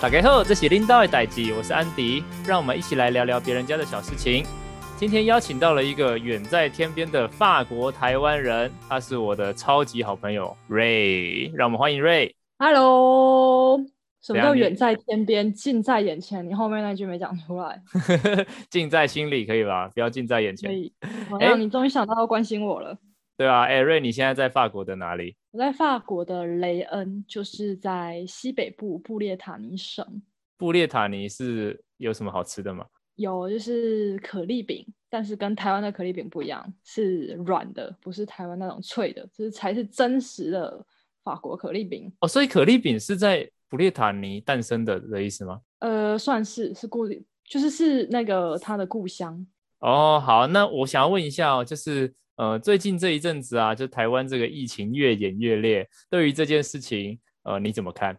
大家好，這是拎叨 ㄟ 代誌。我是安迪，讓我們一起來聊聊別人家的小事情。今天邀請到了一個遠在天邊的法國台灣人，他是我的超級好朋友 Rui。讓我們歡迎 Rui。Hello，什麼叫遠在天邊，近在眼前？你後面那句沒講出來，呵呵呵，近在心裡可以吧？不要近在眼前。可以，哎，你終於想到要關心我了。欸 對啊，艾、欸、瑞，Rui，你現在在法國的哪裡？我在法國的雷恩，就是在西北部布列塔尼省。布列塔尼是有什麼好吃的嗎？有，就是可麗餅，但是跟台灣的可麗餅不一樣，是軟的，不是台灣那種脆的，就是才是真實的法國可麗餅。哦，所以可麗餅是在布列塔尼誕生的的意思嗎？呃，算是是故，就是是那個他的故鄉。哦，好，那我想要問一下、哦，就是。呃，最近這一陣子啊，就台灣這個疫情越演越烈，對於這件事情，呃，你怎麼看？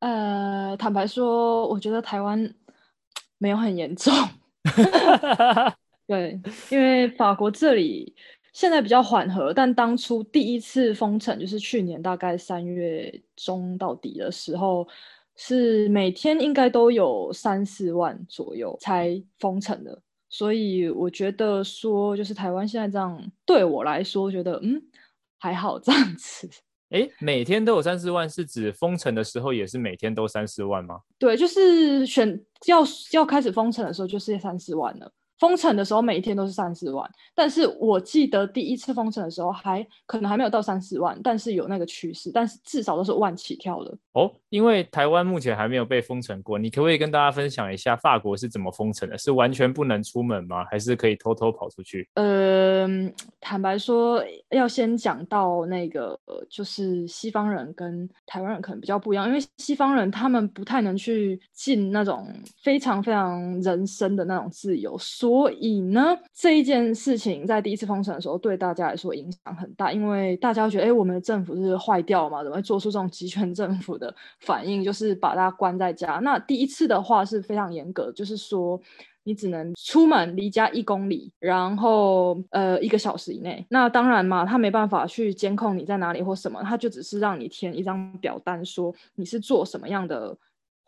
呃，坦白說，我覺得台灣沒有很嚴重。 對，因為法國這裡現在比較緩和，但當初第一次封城，就是去年大概三月中到底的時候，是每天應該都有三四萬左右才封城的。所以我覺得說，就是台灣現在這樣，對我來說覺得，嗯，還好這樣子。誒，每天都有三四萬，是指封城的時候也是每天都三四萬嗎？對，就是選要要開始封城的時候就是三四萬了。封城的時候，每一天都是三四萬。但是我記得第一次封城的時候還，還可能還沒有到三四萬，但是有那個趨勢。但是至少都是萬起跳的。哦。因為台灣目前還沒有被封城過，你可不可以跟大家分享一下法國是怎麼封城的？是完全不能出門嗎？還是可以偷偷跑出去？嗯、呃，坦白說，要先講到那個，就是西方人跟台灣人可能比較不一樣，因為西方人他們不太能去進那種非常非常人身的那種自由。所以呢，這一件事情在第一次封城的時候，對大家來說影響很大，因為大家覺得，哎、欸，我們的政府是壞掉嘛，怎麼會做出這種集權政府的反應，就是把它關在家？那第一次的話是非常嚴格，就是說你只能出門離家一公里，然後呃一個小時以內。那當然嘛，他沒辦法去監控你在哪裡或什麼，他就只是讓你填一張表單，說你是做什麼樣的。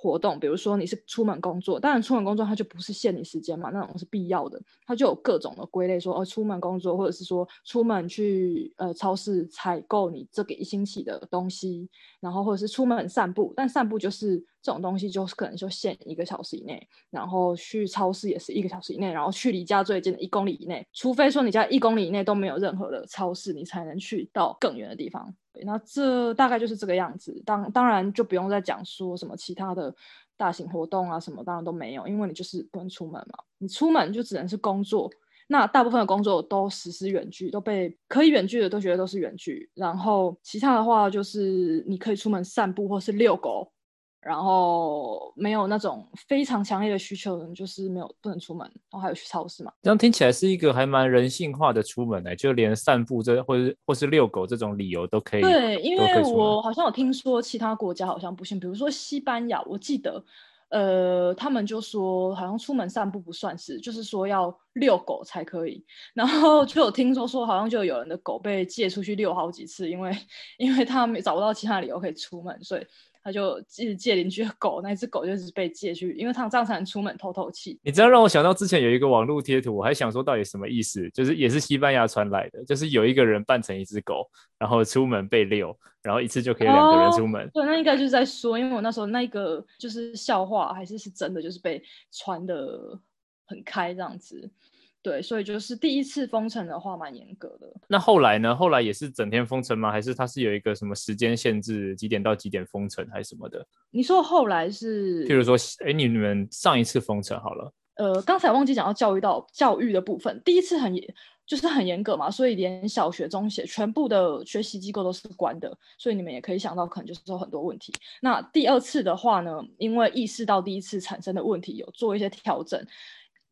活動，比如說你是出門工作，當然出門工作它就不是限你時間嘛，那種是必要的，它就有各種的歸類，說哦，出門工作，或者是說出門去呃超市採購你這個一星期的東西，然後或者是出門散步，但散步就是。這種東西就是可能就限一個小時以內，然後去超市也是一個小時以內，然後去離家最近的一公里以內，除非說你家一公里以內都沒有任何的超市，你才能去到更遠的地方。那這大概就是這個樣子。當當然就不用再講說什麼其他的大型活動啊什麼，當然都沒有，因為你就是不能出門嘛。你出門就只能是工作，那大部分的工作都實施遠距，都被可以遠距的都覺得都是遠距。然後其他的話就是你可以出門散步或是遛狗。然後沒有那種非常強烈的需求，就是沒有不能出門，然後還有去超市嘛。這樣聽起來是一個還蠻人性化的出門哎、欸，就連散步這，或者或是遛狗這種理由都可以。對，因為我好像有聽說其他國家好像不行，比如說西班牙，我記得，呃，他們就說好像出門散步不算是，就是說要遛狗才可以。然後就有聽說說好像就有人的狗被借出去遛好幾次，因為因為他沒找不到其他理由可以出門，所以。他就一直借借鄰居的狗，那只狗就是被借去，因為他這樣才能出門透透氣。你知道讓我想到之前有一個網絡貼圖，我還想說到底什麼意思，就是也是西班牙傳來的，就是有一個人扮成一只狗，然後出門被遛，然後一次就可以兩個人出門。Oh, 對，那應該就是在說，因為我那時候那個就是笑話，還是是真的，就是被傳得很開這樣子。對，所以就是第一次封城的話，蠻嚴格的。那後來呢？後來也是整天封城嗎？還是它是有一個什麼時間限制？幾點到幾點封城還是什麼的？你說後來是？譬如說，哎，你你們上一次封城好了。呃，剛才忘記講到教育到教育的部分。第一次很嚴，就是很嚴格嘛，所以連小學、中學全部的學習機構都是關的。所以你們也可以想到，可能就是說很多問題。那第二次的話呢？因為意識到第一次產生的問題，有做一些調整。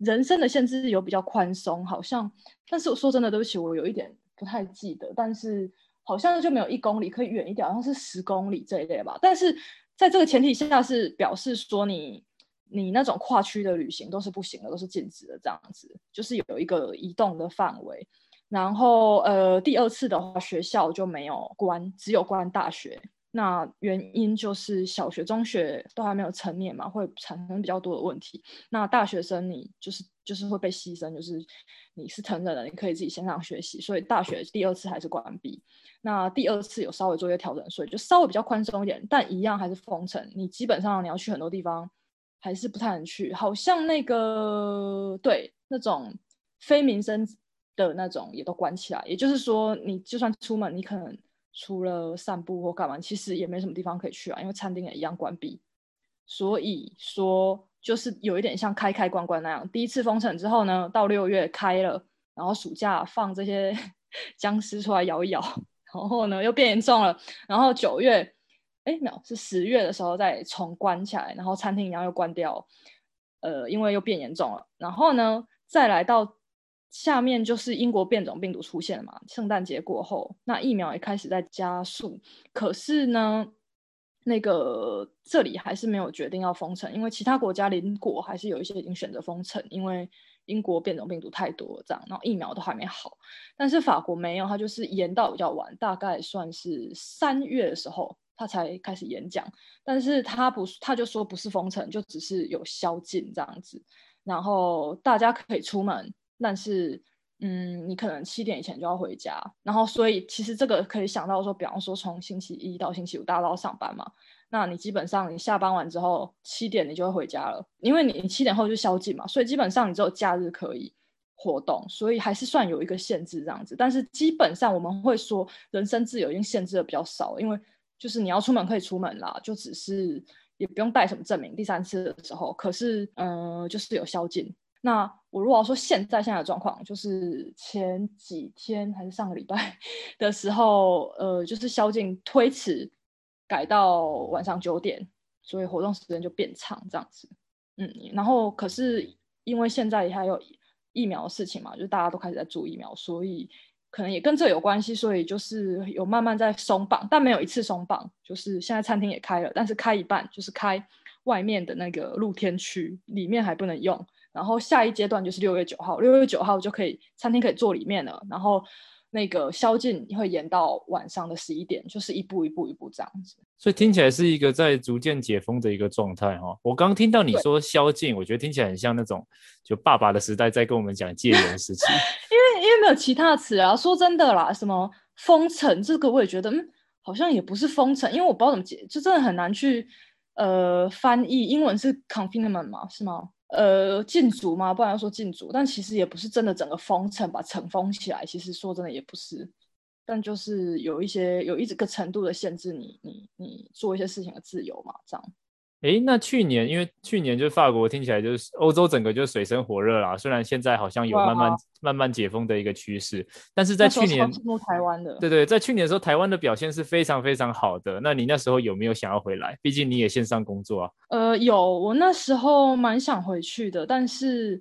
人生的限制是有比較寬鬆，好像，但是我說真的，對不起，我有一點不太記得，但是好像就沒有一公里，可以遠一點，好像是十公里這一類吧。但是在這個前提下，是表示說你你那種跨區的旅行都是不行的，都是禁止的這樣子，就是有一個移動的範圍。然後呃，第二次的話，學校就沒有關，只有關大學。那原因就是小學、中學都還沒有成年嘛，會產生比較多的問題。那大學生你就是就是會被犧牲，就是你是成人了，你可以自己線上學習。所以大學第二次還是關閉。那第二次有稍微做一些調整，所以就稍微比較寬鬆一點，但一樣還是封城。你基本上你要去很多地方還是不太能去，好像那個對那種非民生的那種也都關起來。也就是說，你就算出門，你可能。除了散步或幹嘛，其實也沒什麼地方可以去啊，因為餐廳也一樣關閉。所以說，就是有一點像開開關關那樣。第一次封城之後呢，到六月開了，然後暑假放這些僵屍出來搖一搖，然後呢又變嚴重了。然後九月，哎、欸，沒有，是十月的時候再重關起來，然後餐廳一樣又關掉。呃，因為又變嚴重了。然後呢，再來到。下面就是英國變種病毒出現了嘛，聖誕節過後，那疫苗也開始在加速。可是呢，那個這裡還是沒有決定要封城，因為其他國家鄰國還是有一些已經選擇封城，因為英國變種病毒太多這樣。然後疫苗都還沒好，但是法國沒有，它就是延到比較晚，大概算是三月的時候，它才開始演講。但是它不，它就說不是封城，就只是有宵禁這樣子，然後大家可以出門。但是，嗯，你可能七點以前就要回家，然後，所以其實這個可以想到說，比方說從星期一到星期五，大家都要上班嘛，那你基本上你下班完之後七點你就會回家了，因為你你七點後就宵禁嘛，所以基本上你只有假日可以活動，所以還是算有一個限制這樣子。但是基本上我們會說，人身自由已經限制得比較少，因為就是你要出門可以出門啦，就只是也不用帶什麼證明。第三次的時候，可是，嗯、呃，就是有宵禁，那。我如果要說現在現在的狀況，就是前幾天還是上個禮拜的時候，呃，就是宵禁推遲，改到晚上九點，所以活動時間就變長這樣子。嗯，然後可是因為現在也還有疫苗的事情嘛，就是大家都開始在做疫苗，所以可能也跟這有關係，所以就是有慢慢在鬆綁，但沒有一次鬆綁。就是現在餐廳也開了，但是開一半，就是開外面的那個露天區，裡面還不能用。然後下一階段就是六月九號，六月九號就可以餐廳可以坐裡面了。然後那個宵禁會延到晚上的十一點，就是一步一步一步這樣子。所以聽起來是一個在逐漸解封的一個狀態哈。我剛聽到你說宵禁，我覺得聽起來很像那種就爸爸的時代在跟我們講戒嚴時期。 因為因為沒有其他的詞啊，說真的啦，什麼封城這個我也覺得嗯，好像也不是封城，因為我不知道怎麼解，就真的很難去呃翻譯。英文是 confinement 嘛？是嗎？呃，禁足嘛，不然要說禁足，但其實也不是真的整個封城把城封起來，其實說真的也不是，但就是有一些有一個程度的限制你你你做一些事情的自由嘛，這樣。哎，那去年因為去年就法國聽起來就是歐洲整個就水深火熱啦。雖然現在好像有慢慢、啊、慢慢解封的一個趨勢，但是在去年台灣的。對對，在去年的時候，台灣的表現是非常非常好的。那你那時候有沒有想要回來？畢竟你也線上工作啊。呃，有，我那時候蠻想回去的，但是。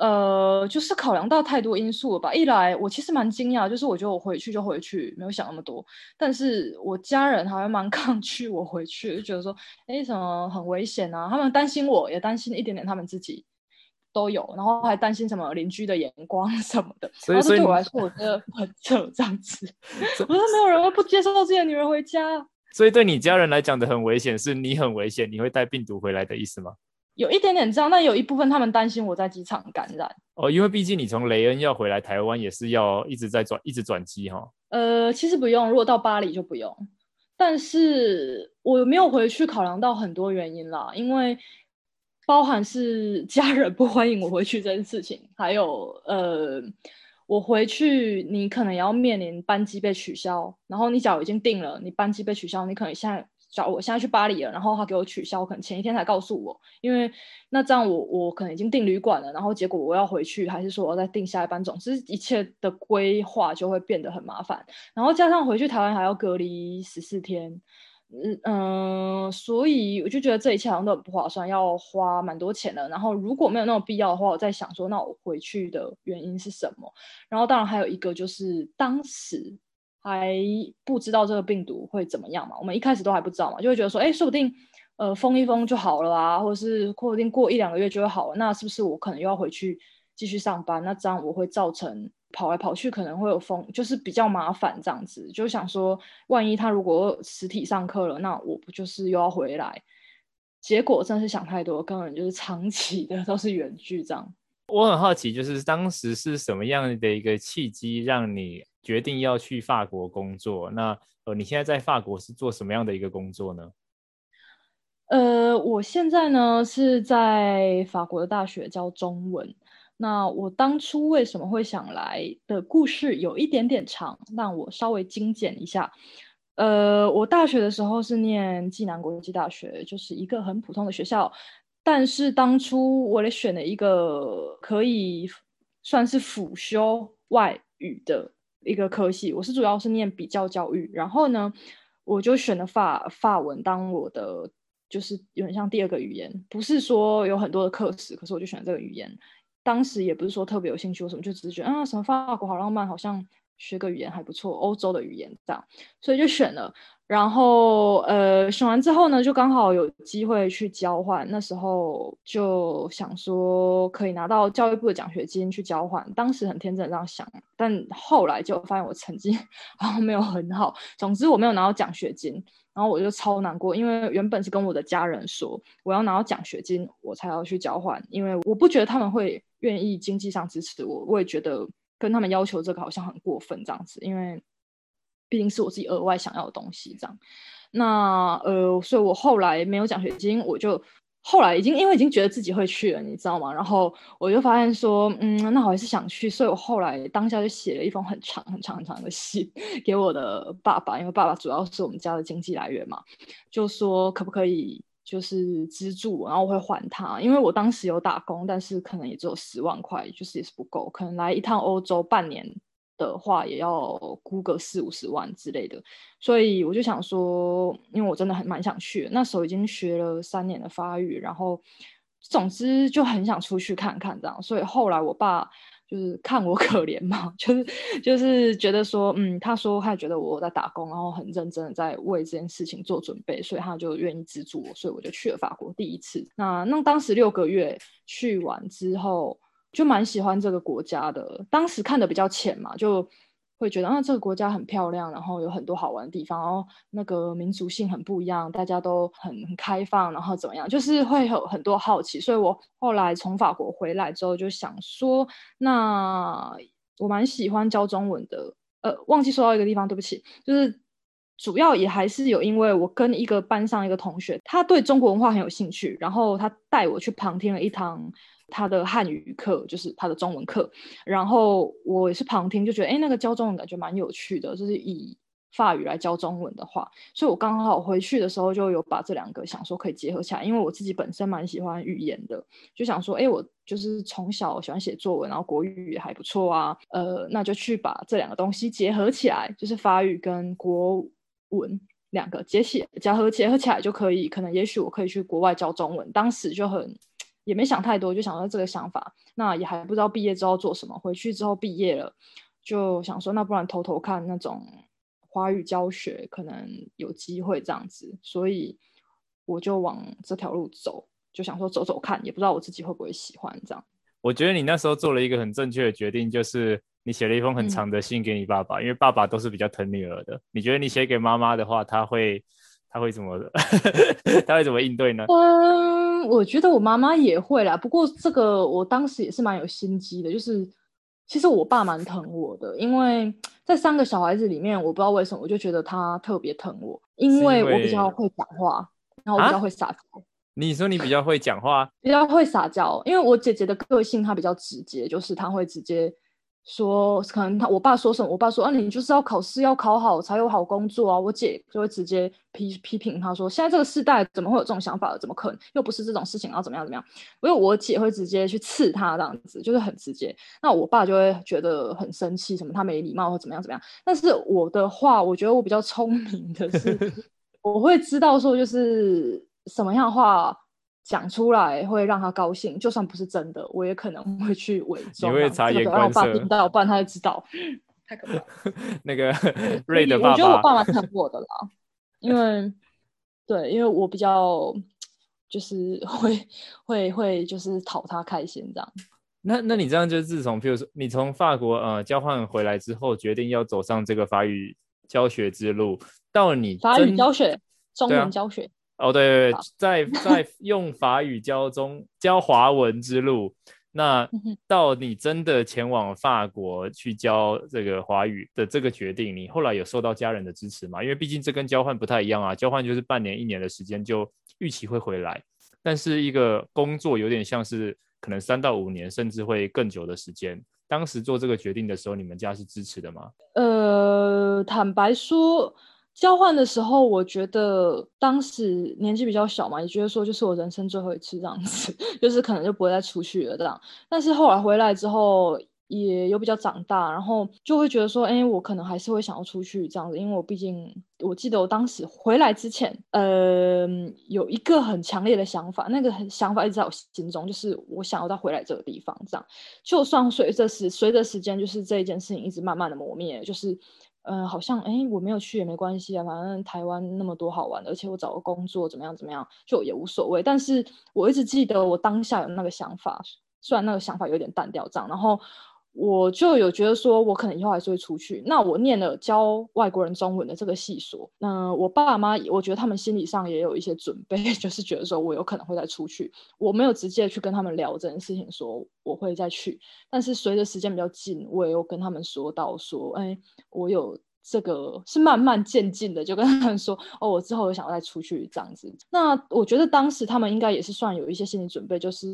呃，就是考量到太多因素了吧？一來，我其實蠻驚訝，就是我覺得我回去就回去，沒有想那麼多。但是我家人還蠻抗拒我回去，覺得說，哎，什麼很危險啊？他們擔心我，我也擔心一點點，他們自己都有，然後還擔心什麼鄰居的眼光什麼的。所以對，對我來說，我覺得很扯這樣子。 不是沒有人會不接受到自己的女人回家？所以對你家人來講的很危險，是你很危險，你會帶病毒回來的意思嗎？有一點點髒，但有一部分他們擔心我在機場感染哦，因為畢竟你從雷恩要回來台灣也是要一直在轉一直轉機哈。呃，其實不用，如果到巴黎就不用，但是我沒有回去考量到很多原因啦，因為包含是家人不歡迎我回去這件事情，還有呃，我回去你可能要面臨班機被取消，然後你腳已經定了，你班機被取消，你可能現在。找我，現在去巴黎了，然後他給我取消，我可能前一天才告訴我，因為那這樣我我可能已經訂旅館了，然後結果我要回去，還是說我要再訂下一班，總之一切的規劃就會變得很麻煩，然後加上回去台灣還要隔離十四天，嗯嗯、呃，所以我就覺得這一切好像都很不划算，要花蠻多錢的。然後如果沒有那種必要的話，我在想說，那我回去的原因是什麼？然後當然還有一個就是當時。還不知道這個病毒會怎麼樣嘛？我們一開始都還不知道嘛，就會覺得說，哎、欸，說不定，呃，封一封就好了啦，啊，或者是，說不定過一兩個月就會好了。那是不是我可能又要回去繼續上班？那這樣我會造成跑來跑去，可能會有風，就是比較麻煩這樣子。就想說，萬一他如果實體上課了，那我不就是又要回來？結果真的是想太多，根本就是長期的都是遠距這樣。我很好奇，就是當時是什麼樣的一個契機讓你？決定要去法國工作，那呃，你現在在法國是做什麼樣的一個工作呢？呃，我現在呢是在法國的大學教中文。那我當初為什麼會想來的故事有一點點長，讓我稍微精簡一下。呃，我大學的時候是念暨南國際大學，就是一個很普通的學校，但是當初我也選了一個可以算是輔修外語的。一個科系，我是主要是念比較教育，然後呢，我就選了法法文當我的，就是有點像第二個語言，不是說有很多的課時，可是我就選了這個語言，當時也不是說特別有興趣我什麼，就只是覺得啊，什麼法國好浪漫，好像學個語言還不錯，歐洲的語言這樣，所以就選了。然後，呃，選完之後呢，就剛好有機會去交換。那時候就想說，可以拿到教育部的獎學金去交換。當時很天真這樣想，但後來就發現我成績好像沒有很好。總之，我沒有拿到獎學金，然後我就超難過，因為原本是跟我的家人說，我要拿到獎學金我才要去交換，因為我不覺得他們會願意經濟上支持我，我也覺得跟他們要求這個好像很過分這樣子，因為。畢竟是我自己額外想要的東西，這樣，那呃，所以我後來沒有獎學金，我就後來已經因為已經覺得自己會去了，你知道嗎？然後我就發現說，嗯，那我還是想去，所以我後來當下就寫了一封很長、很長、很長的信給我的爸爸，因為爸爸主要是我們家的經濟來源嘛，就說可不可以就是資助，然後我會還他，因為我當時有打工，但是可能也只有十萬塊，就是也是不夠，可能來一趟歐洲半年。的話也要估個四五十萬之類的，所以我就想說，因為我真的很蠻想去。那時候已經學了三年的法語，然後總之就很想出去看看這樣，所以後來我爸就是看我可憐嘛，就是就是覺得說，嗯，他說他覺得我在打工，然後很認真的在為這件事情做準備，所以他就願意資助我，所以我就去了法國第一次。那那當時六個月去完之後，就蠻喜歡這個國家的，當時看得比較淺嘛，就會覺得啊，這個國家很漂亮，然後有很多好玩的地方，然後那個民族性很不一樣，大家都很開放，然後怎麼樣，就是會有很多好奇。所以我後來從法國回來之後，就想說，那我蠻喜歡教中文的。呃，忘記說到一個地方，對不起，就是主要也還是有，因為我跟一個班上一個同學，他對中國文化很有興趣，然後他帶我去旁聽了一堂。他的漢語課就是他的中文課，然後我也是旁聽，就覺得哎、欸，那個教中文感覺蠻有趣的，就是以法語來教中文的話，所以，我剛好回去的時候就有把這兩個想說可以結合起來，因為我自己本身蠻喜歡語言的，就想說，哎、欸，我就是從小喜歡寫作文，然後國語也還不錯啊，呃，那就去把這兩個東西結合起來，就是法語跟國文兩個結寫，結合結合起來就可以，可能也許我可以去國外教中文，當時就很。也沒想太多，就想到這個想法。那也還不知道畢業之後做什麼。回去之後畢業了，就想說，那不然偷偷看那種華語教學，可能有機會這樣子。所以我就往這條路走，就想說走走看，也不知道我自己會不會喜歡這樣。我覺得你那時候做了一個很正確的決定，就是你寫了一封很長的信給你爸爸，嗯、因為爸爸都是比較疼女兒的。你覺得你寫給媽媽的話，他會？他會怎麼的？他會怎麼應對呢？嗯，我覺得我媽媽也會啦。不過這個我當時也是蠻有心機的，就是其實我爸蠻疼我的，因為在三個小孩子裡面，我不知道為什麼我就覺得他特別疼我，因為我比較會講話，然後我比較會撒嬌。啊。你說你比較會講話，比較會撒嬌，因為我姐姐的個性她比較直接，就是她會直接。說可能他我爸說什麼？我爸說啊，你就是要考試要考好才有好工作啊。我姐就會直接批批評他說，現在這個世代怎麼會有這種想法，怎麼可能？又不是這種事情，然後怎麼樣怎麼樣？因為我姐會直接去刺他這樣子，就是很直接。那我爸就會覺得很生氣，什麼他沒禮貌或怎麼樣怎麼樣。但是我的話，我覺得我比較聰明的是，我會知道說就是什麼樣的話。講出來會讓他高興，就算不是真的，我也可能會去偽裝。你會察言觀色，讓我爸聽到，我爸 他就知道，太可怕了。 那個瑞的爸爸，我覺得我爸爸疼我的啦 因為對，因為我比較就是會會會就是討他開心這樣。那那你這樣就自從，比如說你從法國呃交換回來之後，決定要走上這個法語教學之路，到你法語教學、中文教學。哦，對，對，對，在在用法語教中 教華文之路，那到你真的前往法國去教這個華語的這個決定，你後來有受到家人的支持嗎？因為畢竟這跟交換不太一樣啊，交換就是半年一年的時間就預期會回來，但是一個工作有點像是可能三到五年，甚至會更久的時間。當時做這個決定的時候，你們家是支持的嗎？呃，坦白說。交換的時候，我覺得當時年紀比較小嘛，也覺得說就是我人生最後一次這樣子，就是可能就不會再出去了這樣。但是後來回來之後，也有比較長大，然後就會覺得說，哎、欸，我可能還是會想要出去這樣子，因為我畢竟我記得我當時回來之前，呃，有一個很強烈的想法，那個想法一直在我心中，就是我想要再回來這個地方這樣。就算隨着時隨着時間，就是這一件事情一直慢慢的磨滅，就是。嗯、呃，好像哎、欸，我沒有去也沒關係啊，反正台灣那麼多好玩的，而且我找個工作怎麼樣怎麼樣，就也無所謂。但是我一直記得我當下有那個想法，雖然那個想法有點淡掉這樣，然後。我就有覺得說，我可能以後還是會出去。那我念了教外國人中文的這個系所，那我爸媽，我覺得他們心理上也有一些準備，就是覺得說我有可能會再出去。我沒有直接去跟他們聊這件事情，說我會再去。但是隨着時間比較近，我也有跟他們說到說，哎，我有這個是慢慢漸進的，就跟他們說，哦，我之後有想要再出去這樣子。那我覺得當時他們應該也是算有一些心理準備，就是。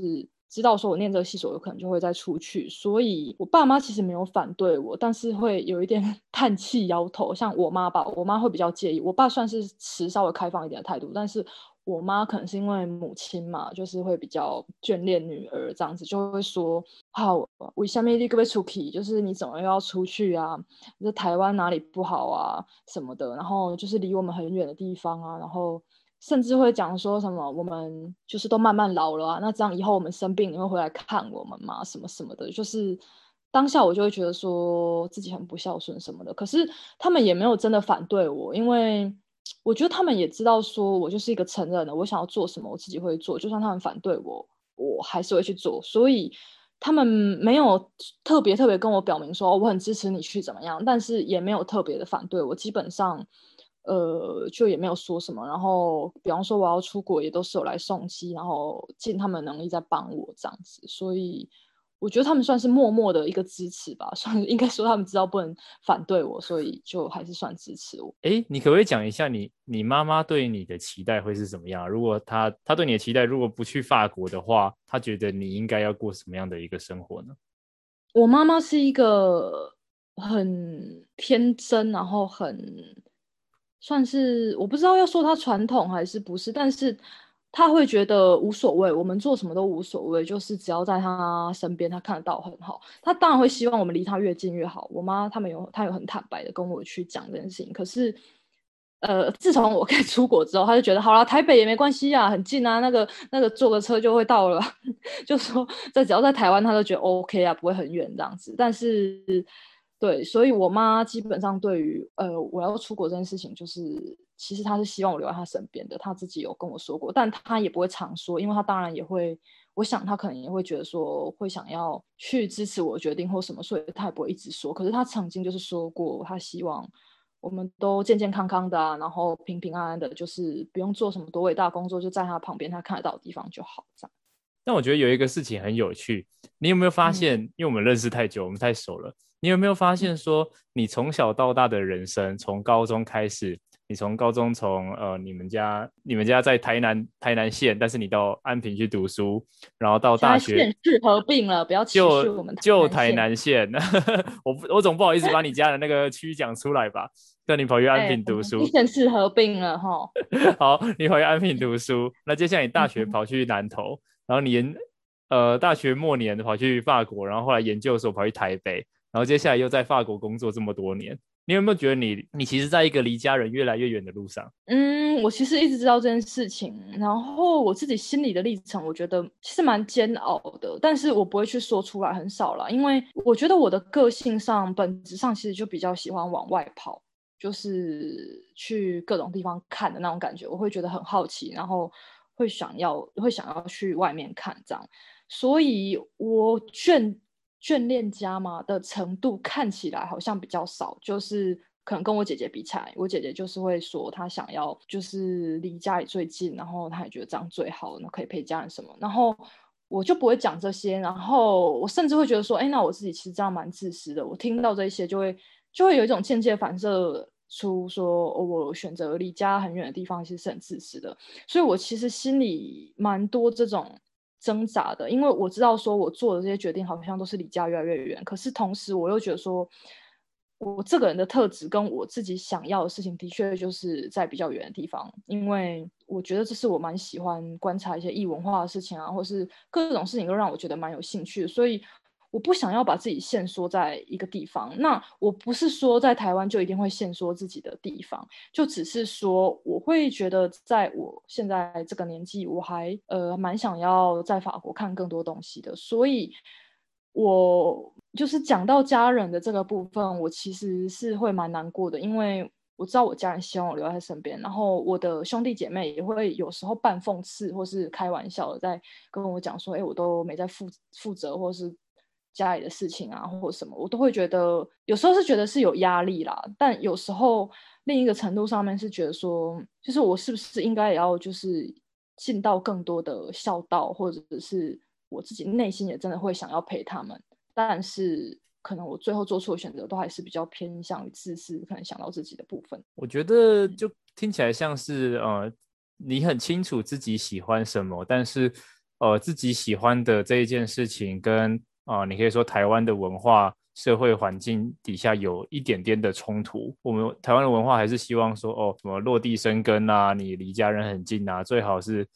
知道說我念這個系所，所以可能就會再出去，所以我爸媽其實沒有反對我，但是會有一點嘆氣、搖頭。像我媽吧，我媽會比較介意；我爸算是持稍微開放一點的態度，但是我媽可能是因為母親嘛，就是會比較眷戀女兒，這樣子就會說：“好，我下面你可不可出去，就是你怎麼又要出去啊？你在台灣哪裡不好啊什麼的？然後就是離我們很遠的地方啊，然後。”甚至會講說什麼，我們就是都慢慢老了啊，那這樣以後我們生病你會回來看我們嗎？什麼什麼的，就是當下我就會覺得說自己很不孝順什麼的。可是他們也沒有真的反對我，因為我覺得他們也知道說我就是一個成人了，我想要做什麼我自己會做，就算他們反對我，我還是會去做。所以他們沒有特別特別跟我表明說我很支持你去怎麼樣，但是也沒有特別的反對我，基本上。呃，就也沒有說什麼。然後，比方說我要出國，也都是有來送機，然後盡他們能力在幫我這樣子。所以，我覺得他們算是默默的一個支持吧，算是應該說他們知道不能反對我，所以就還是算支持我。哎，你可不可以講一下你你媽媽對你的期待會是怎麼樣？如果她，她對你的期待，如果不去法國的話，她覺得你應該要過什麼樣的一個生活呢？我媽媽是一個很天真，然後很。算是我不知道要說他傳統還是不是，但是他會覺得無所謂，我們做什麼都無所謂，就是只要在他身邊，他看得到很好。他當然會希望我們離他越近越好。我媽他們有，她有很坦白的跟我去講這件事情。可是，呃，自從我可以出國之後，他就覺得好啦，台北也沒關係啊，很近啊，那個那個坐個車就會到了， 就說在只要在台灣，他都覺得 OK 啊，不會很遠這樣子。但是。對，所以我媽基本上對於呃我要出國這件事情，就是其實她是希望我留在她身邊的，她自己有跟我說過，但她也不會常說，因為她當然也會，我想她可能也會覺得說會想要去支持的我決定或什麼，所以她也不會一直說。可是她曾經就是說過，她希望我們都健健康康的啊，然後平平安安的，就是不用做什麼多偉大工作，就在她旁邊，她看得到的地方就好這樣。但我覺得有一個事情很有趣，你有沒有發現？嗯、因為我們認識太久，我們太熟了。你有沒有發現說，你從小到大的人生，從、嗯、高中開始，你從高中從呃，你們家，你們家在台南台南縣，但是你到安平去讀書，然後到大學縣市合併了，不要歧視我們就，就台南縣。 我不我總不好意思把你家的那個區講出來吧。但 你跑去安平讀書，縣市合併了哈。 好，你跑去安平讀書，那接下來你大學跑去南投，嗯嗯然後你呃大學末年跑去法國，然後後來研究所跑去台北。然後接下來又在法國工作這麼多年，你有沒有覺得你你其實在一個離家人越來越遠的路上？嗯，我其實一直知道這件事情，然後我自己心裡的歷程，我覺得是蠻煎熬的，但是我不會去說出來，很少了，因為我覺得我的個性上，本質上其實就比較喜歡往外跑，就是去各種地方看的那種感覺，我會覺得很好奇，然後會想要會想要去外面看這樣，所以我勸。眷戀家嘛的程度看起來好像比較少，就是可能跟我姐姐比起來，我姐姐就是會說她想要就是離家裡最近，然後她也覺得這樣最好，那可以陪家人什麼，然後我就不會講這些，然後我甚至會覺得說，哎，那我自己其實這樣蠻自私的，我聽到這些就會就會有一種間接反射出說我選擇離家很遠的地方其實是很自私的，所以我其實心裡蠻多這種。掙扎的，因為我知道說我做的這些決定好像都是離家越來越遠，可是同時我又覺得說，我這個人的特質跟我自己想要的事情的確就是在比較遠的地方，因為我覺得這是我蠻喜歡觀察一些異文化的事情啊，或是各種事情都讓我覺得蠻有興趣，所以。我不想要把自己限縮在一個地方。那我不是說在台灣就一定會限縮自己的地方，就只是說我會覺得在我現在這個年紀，我還呃蠻想要在法國看更多東西的。所以，我就是講到家人的這個部分，我其實是會蠻難過的，因為我知道我家人希望我留在身邊，然後我的兄弟姐妹也會有時候半諷刺或是開玩笑的在跟我講說：“哎、欸，我都沒在負負責，責或是。”家裡的事情啊，或者什麼，我都會覺得，有時候是覺得是有壓力啦，但有時候另一個程度上面是覺得說，就是我是不是應該也要就是盡到更多的孝道，或者是我自己內心也真的會想要陪他們，但是可能我最後做出的選擇，都還是比較偏向於自私，可能想到自己的部分。我覺得就聽起來像是呃，你很清楚自己喜歡什麼，但是呃，自己喜歡的這一件事情跟啊、呃，你可以說台灣的文化社會環境底下有一點點的衝突。我們台灣的文化還是希望說，哦，什麼落地生根啊，你離家人很近啊，最好是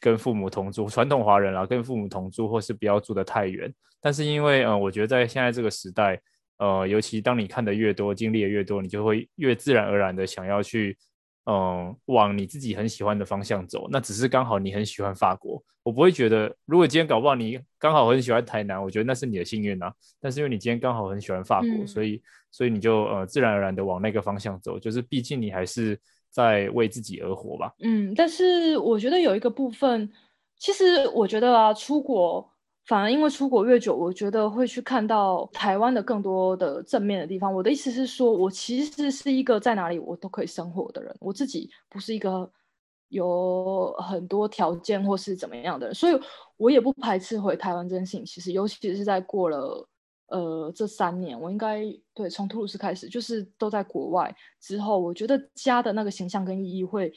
跟父母同住，傳統華人啦、啊，跟父母同住或是不要住得太遠。但是因為，嗯、呃，我覺得在現在這個時代，呃，尤其當你看得越多，經歷的越多，你就會越自然而然的想要去，嗯、呃，往你自己很喜歡的方向走。那只是剛好你很喜歡法國。我會覺得，如果今天搞不好你剛好很喜歡台南，我覺得那是你的幸運吶。但是因為你今天剛好很喜歡法國，嗯，所以所以你就呃自然而然的往那個方向走，就是畢竟你還是在為自己而活吧。嗯，但是我覺得有一個部分，其實我覺得啊，出國反而因為出國越久，我覺得會去看到台灣的更多的正面的地方。我的意思是說，我其實是一個在哪裡我都可以生活的人，我自己不是一個。有很多條件或是怎麼樣的，所以我也不排斥回台灣振興。其實，尤其是在過了呃這三年，我應該對從圖魯斯開始就是都在國外之後，我覺得家的那個形象跟意義會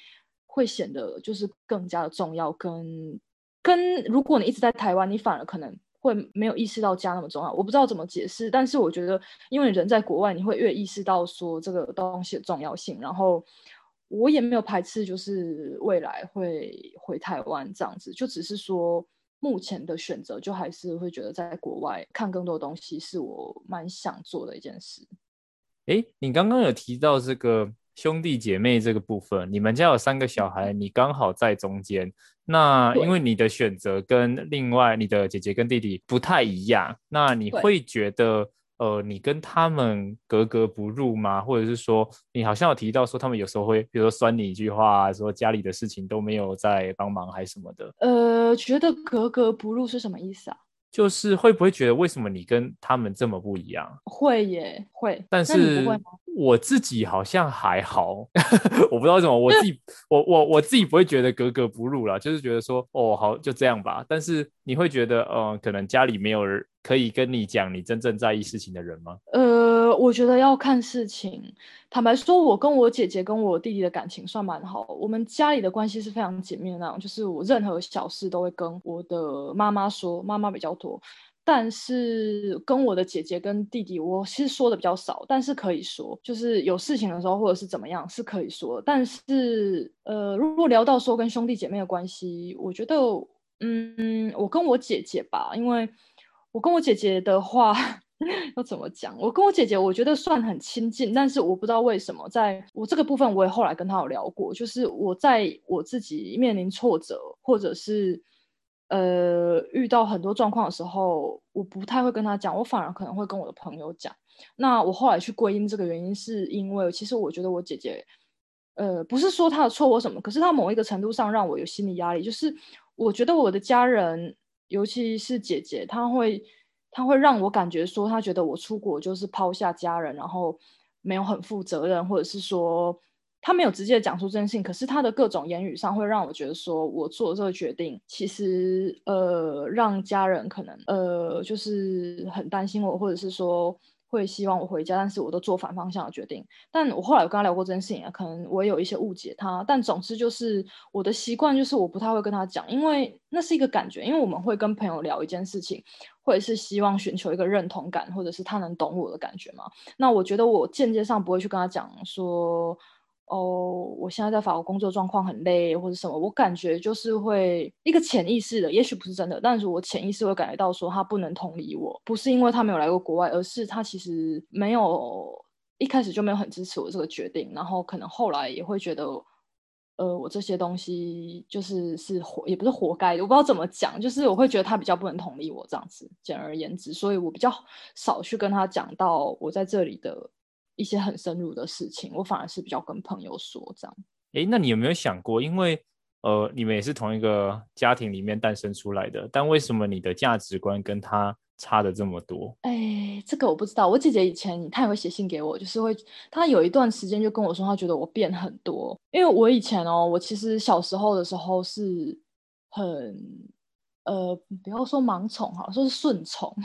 會顯得就是更加的重要。跟跟，如果你一直在台灣，你反而可能會沒有意識到家那麼重要。我不知道怎麼解釋，但是我覺得，因為人在國外，你會越意識到說這個東西的重要性，然後。我也沒有排斥，就是未來會回台灣這樣子，就只是說目前的選擇，就還是會覺得在國外看更多東西是我蠻想做的一件事。誒，你剛剛有提到這個兄弟姐妹這個部分，你們家有三個小孩，嗯，你剛好在中間，那因為你的選擇跟另外你的姐姐跟弟弟不太一樣，那你會覺得？呃，你跟他們格格不入嗎？或者是說，你好像有提到說，他們有時候會，比如說酸你一句話啊，說家裡的事情都沒有在幫忙，還什麼的。呃，覺得格格不入是什麼意思啊？就是會不會覺得為什麼你跟他們這麼不一樣？會耶，會。但是。我自己好像還好， 我不知道為什麼，我自己 我我我自己不會覺得格格不入啦，就是覺得說哦，好，就這樣吧。但是你會覺得呃，可能家裡沒有人可以跟你講你真正在意事情的人嗎？呃，我覺得要看事情。坦白說，我跟我姐姐跟我弟弟的感情算蠻好，我們家裡的關係是非常緊密的那種，就是我任何小事都會跟我的媽媽說，媽媽比較多。但是跟我的姐姐跟弟弟，我其實說的比較少，但是可以說，就是有事情的時候或者是怎麼樣是可以說。但是呃，如果聊到說跟兄弟姐妹的關係，我覺得，嗯，我跟我姐姐吧，因為我跟我姐姐的話 要怎麼講？我跟我姐姐，我覺得算很親近，但是我不知道為什麼，在我這個部分，我也後來跟她有聊過，就是我在我自己面臨挫折或者是。呃，遇到很多狀況的時候，我不太會跟他講，我反而可能會跟我的朋友講。那我後來去歸因這個原因，是因為其實我覺得我姐姐，呃，不是說她的錯或什麼，可是她某一個程度上讓我有心理壓力，就是我覺得我的家人，尤其是姐姐，她會她會讓我感覺說，她覺得我出國就是拋下家人，然後沒有很負責任，或者是說，他沒有直接講出真心，可是他的各種言語上會讓我覺得說，我做這個決定其實，呃，讓家人可能，呃，就是很擔心我，或者是說會希望我回家，但是我都做反方向的決定。但我後來有跟他聊過這件事，可能我有一些誤解他，但總之就是我的習慣就是我不太會跟他講，因為那是一個感覺，因為我們會跟朋友聊一件事情，或者是希望尋求一個認同感，或者是他能懂我的感覺嘛。那我覺得我間接上不會去跟他講說。哦、oh,，我現在在法國工作，狀況很累，或者什麼，我感覺就是會一個潛意識的，也許不是真的，但是我潛意識會感覺到說他不能同理我，不是因為他沒有來過國外，而是他其實沒有一開始就沒有很支持我這個決定，然後可能後來也會覺得，呃，我這些東西就是是活也不是活該的，我不知道怎麼講，就是我會覺得他比較不能同理我這樣子。簡而言之，所以我比較少去跟他講到我在這裡的。一些很深入的事情，我反而是比較跟朋友說這樣。哎、欸，那你有沒有想過，因為呃，你們也是同一個家庭裡面誕生出來的，但為什麼你的價值觀跟他差的這麼多？哎、欸，這個我不知道。我姐姐以前她也會寫信給我，就是會她有一段時間就跟我說，她覺得我變很多。因為我以前哦，我其實小時候的時候是很呃，不要說盲從哈，說是順從，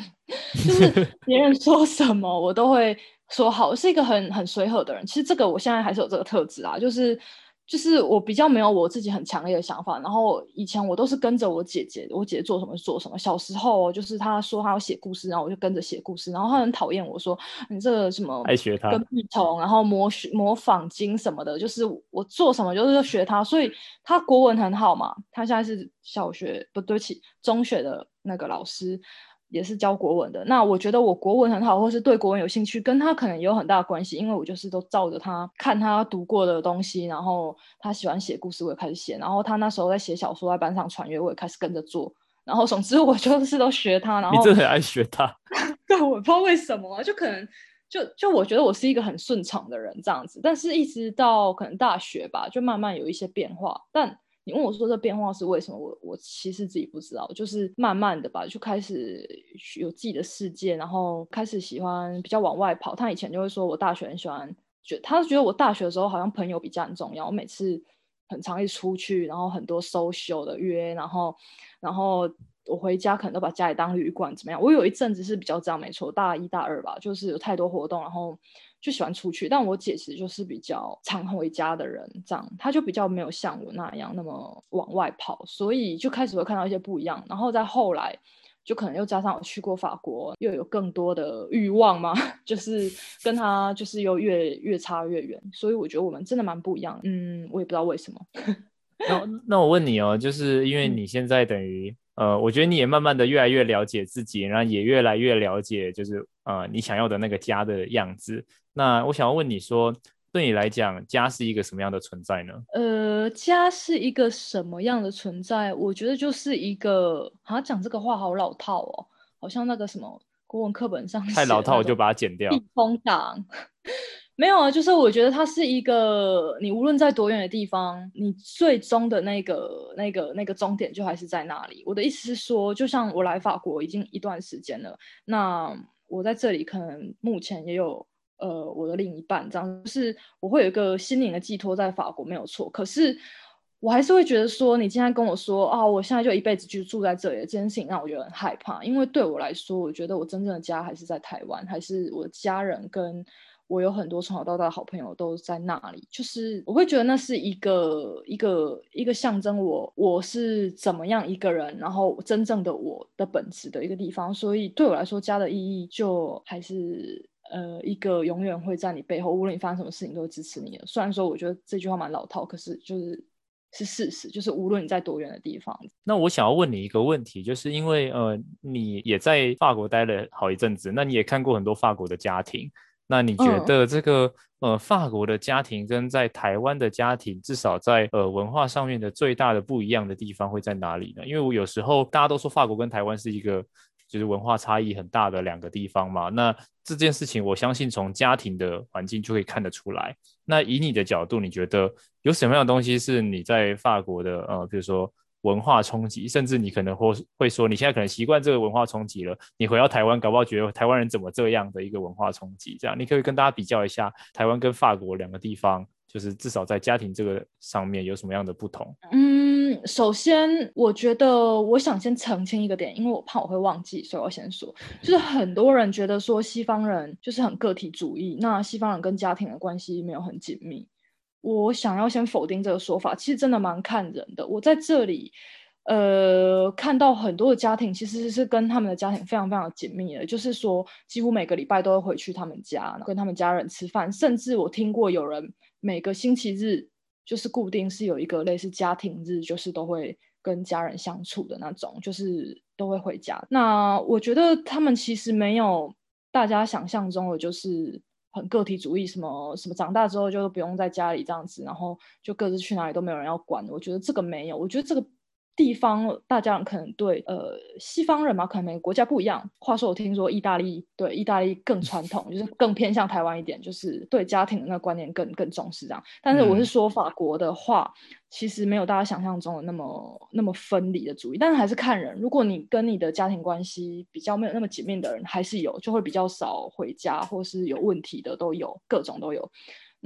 就是別人說什麼我都會。 說好是一個很很隨和的人。其實這個我現在還是有這個特質啊，就是就是我比較沒有我自己很強烈的想法。然後以前我都是跟着我姐姐，我姐姐做什麼做什麼。小時候、哦、就是她說她要寫故事，然後我就跟着寫故事。然後她很討厭我說你、嗯、這個、什麼愛學他跟屁蟲，然後模學模仿精什麼的，就是我做什麼就是學她、嗯。所以她國文很好嘛，她現在是小學，不對不起中學的那個老師。也是教國文的，那我覺得我國文很好，或是對國文有興趣，跟他可能也有很大的關係，因為我就是都照着他看他讀過的東西，然後他喜歡寫故事，我也開始寫，然後他那時候在寫小說在班上傳閱，我也開始跟着做，然後總之我就是都學他，然後你真的很愛學他，對， 我不知道為什麼、啊，就可能就就我覺得我是一個很順暢的人這樣子，但是一直到可能大學吧，就慢慢有一些變化，但。你問我說這變化是為什麼？我我其實自己不知道，就是慢慢的吧，就開始有自己的世界，然後開始喜歡比較往外跑。他以前就會說我大學很喜歡，覺他是覺得我大學的時候好像朋友比較很重要。我每次很常一出去，然後很多 social 的約，然後然後。我回家可能都把家裡當旅館，怎麼樣？我有一陣子是比較這樣，沒錯，大一、大二吧，就是有太多活動，然後就喜歡出去。但我姐其實就是比較常回家的人，這樣，她就比較沒有像我那樣那麼往外跑，所以就開始會看到一些不一樣。然後再後來，就可能又加上我去過法國，又有更多的慾望嘛，就是跟她就是又越越差越遠，所以我覺得我們真的蠻不一樣。嗯，我也不知道為什麼。那 那我問你哦，就是因為你現在等於。呃，我覺得你也慢慢的越來越了解自己，然後也越來越了解，就是呃，你想要的那個家的樣子。那我想要問你說，對你來講，家是一個什麼樣的存在呢？呃，家是一個什麼樣的存在？我覺得就是一個，好像講這個話好老套哦，好像那個什麼國文課本上太老套，我就把它剪掉。避風港 沒有啊，就是我覺得它是一個，你無論在多遠的地方，你最終的那個、那個、那個終點就還是在那裡。我的意思是說，就像我來法國已經一段時間了，那我在這裡可能目前也有呃我的另一半，這樣就是我會有一個心靈的寄托在法國，沒有錯。可是我還是會覺得說，你今天跟我說啊，我現在就一輩子就住在這裡，這件事情讓我覺得很害怕，因為對我來說，我覺得我真正的家還是在台灣，還是我的家人跟。我有很多從小到大的好朋友都在那裡，就是我會覺得那是一個一個一個象徵我我是怎麼樣一個人，然後真正的我的本質的一個地方。所以對我來說，家的意義就還是呃一個永遠會在你背後，無論你發生什麼事情都會支持你的。雖然說我覺得這句話蠻老套，可是就是是事實，就是無論你在多遠的地方。那我想要問你一個問題，就是因為呃你也在法國待了好一陣子，那你也看過很多法國的家庭。那你覺得這個，oh. 呃，法國的家庭跟在台灣的家庭，至少在呃文化上面的最大的不一樣的地方會在哪裡呢？因為我有時候大家都說法國跟台灣是一個就是文化差異很大的兩個地方嘛。那這件事情，我相信從家庭的環境就可以看得出來。那以你的角度，你覺得有什麼樣的東西是你在法國的呃，比如說？文化衝擊，甚至你可能會會說，你現在可能習慣這個文化衝擊了。你回到台灣，搞不好覺得台灣人怎麼這樣的一個文化衝擊？這樣你可不可以跟大家比較一下，台灣跟法國兩個地方，就是至少在家庭這個上面有什麼樣的不同？嗯，首先，我覺得我想先澄清一個點，因為我怕我會忘記，所以我先說，就是很多人覺得說西方人就是很個體主義，那西方人跟家庭的關係沒有很緊密。我想要先否定這個說法，其實真的蠻看人的。我在這裡，呃，看到很多的家庭其實是跟他們的家庭非常非常緊密的，就是說幾乎每個禮拜都會回去他們家，跟他們家人吃飯。甚至我聽過有人每個星期日就是固定是有一個類似家庭日，就是都會跟家人相處的那種，就是都會回家。那我覺得他們其實沒有大家想象中的就是。很個體主義什麼什麼，長大之後，就不用在家裡這樣子，然後就各自去哪裡都沒有人要管。我覺得這個沒有，我覺得這個。地方大家可能對呃西方人嘛，可能每個國家不一樣。話說我聽說意大利對意大利更傳統，就是更偏向台灣一點，就是對家庭的那觀念更更重視這樣。但是我是說法國的話，嗯、其實沒有大家想象中的那麼那麼分離的主義，但是還是看人，如果你跟你的家庭關係比較沒有那麼緊密的人，還是有就會比較少回家，或是有問題的都有，各種都有。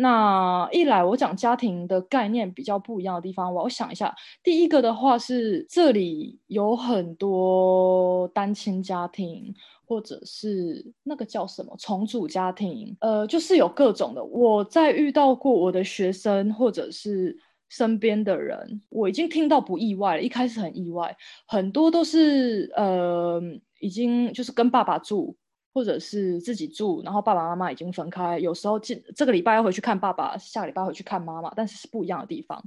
那一來，我講家庭的概念比較不一樣的地方，我我想一下，第一個的話是這裡有很多單親家庭，或者是那個叫什麼重組家庭，呃，就是有各種的。我在遇到過我的學生，或者是身邊的人，我已經聽到不意外了，一開始很意外，很多都是呃，已經就是跟爸爸住，或者是自己住，然後爸爸媽媽已經分開。有時候今這個禮拜要回去看爸爸，下個禮拜要回去看媽媽，但是是不一樣的地方。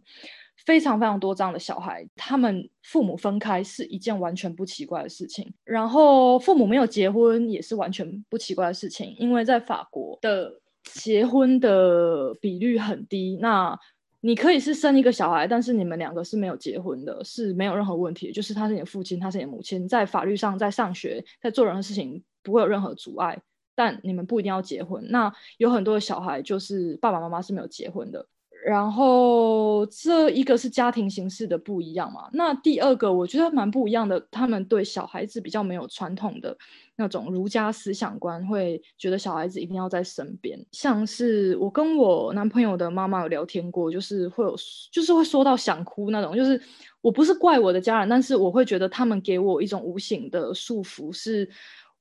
非常非常多這樣的小孩，他們父母分開是一件完全不奇怪的事情。然後父母沒有結婚也是完全不奇怪的事情，因為在法國的結婚的比率很低。那你可以是生一個小孩，但是你們兩個是沒有結婚的，是沒有任何問題。就是他是你的父親，他是你的母親，在法律上，在上學，在做任何事情。不會有任何阻礙，但你們不一定要結婚。那有很多的小孩就是爸爸媽媽是沒有結婚的，然後這一個是家庭形式的不一樣嘛。那第二個我覺得蠻不一樣的，他們對小孩子比較沒有傳統的那種儒家思想觀，會覺得小孩子一定要在身邊。像是我跟我男朋友的媽媽有聊天過，就是會有，就是會說到想哭那種。就是我不是怪我的家人，但是我會覺得他們給我一種無形的束縛是。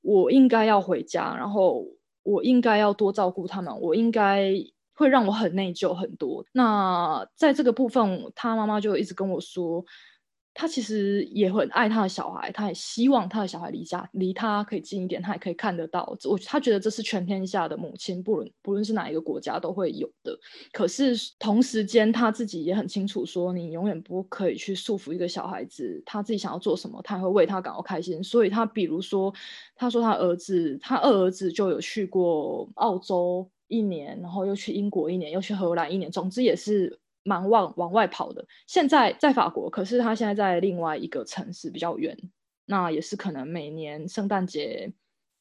我應該要回家，然後我應該要多照顧他們，我應該會讓我很內疚很多。那在這個部分，他媽媽就一直跟我說。他其實也很愛他的小孩，他也希望他的小孩離家離他可以近一點，他也可以看得到。我他覺得這是全天下的母親，不論不論是哪一個國家都會有的。可是同時間他自己也很清楚，說你永遠不可以去束縛一個小孩子，他自己想要做什麼，他也會為他感到開心。所以他比如說，他說他兒子，他二兒子就有去過澳洲一年，然後又去英國一年，又去荷蘭一年，總之也是。蠻往往外跑的，現在在法國，可是他現在在另外一個城市，比較遠。那也是可能每年聖誕節